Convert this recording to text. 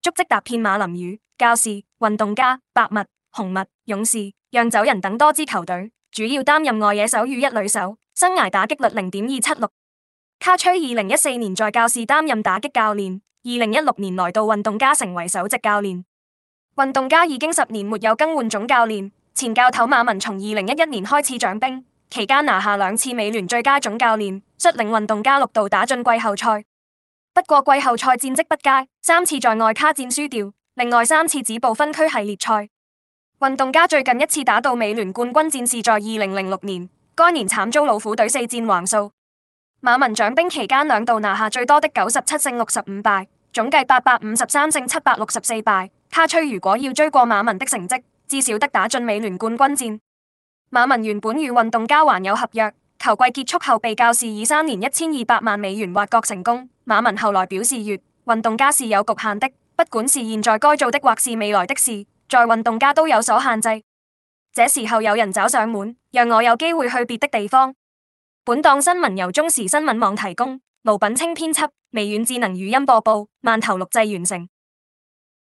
足跡踏遍馬林魚、教士、運動家、白襪、紅襪、勇士、釀酒人等多支球隊，主要擔任外野手與一壘手，生涯打擊率零點二七六。卡崔二零一四年在教士擔任打擊教練，二零一六年來到運動家成為首席教練。運動家已經十年沒有更換總教練，前教頭馬文從二零一一年開始掌兵，期間拿下兩次美聯最佳總教練，率領運動家六度打進季後賽。不過季後賽戰績不佳，三次在外卡戰輸掉，另外三次止步分區系列賽。運動家最近一次打到美聯冠軍戰是在二零零六年，該年慘遭老虎隊四戰橫掃。馬文掌兵期間兩度拿下最多的九十七勝六十五敗，總計八百五十三勝七百六十四敗。卡崔如果要追過馬文的成績，至少得打進美聯冠軍戰。馬文原本與運動家還有合約。球季結束後，被教士以三年一千二百萬美元挖角成功。馬文後來表示越：越運動家是有局限的，不管是現在該做的，或是未來的事，在運動家都有所限制。這時候有人找上門，讓我有機會去別的地方。本檔新聞由中時新聞網提供，盧品清編輯，微軟智能語音播報，饅頭錄製完成。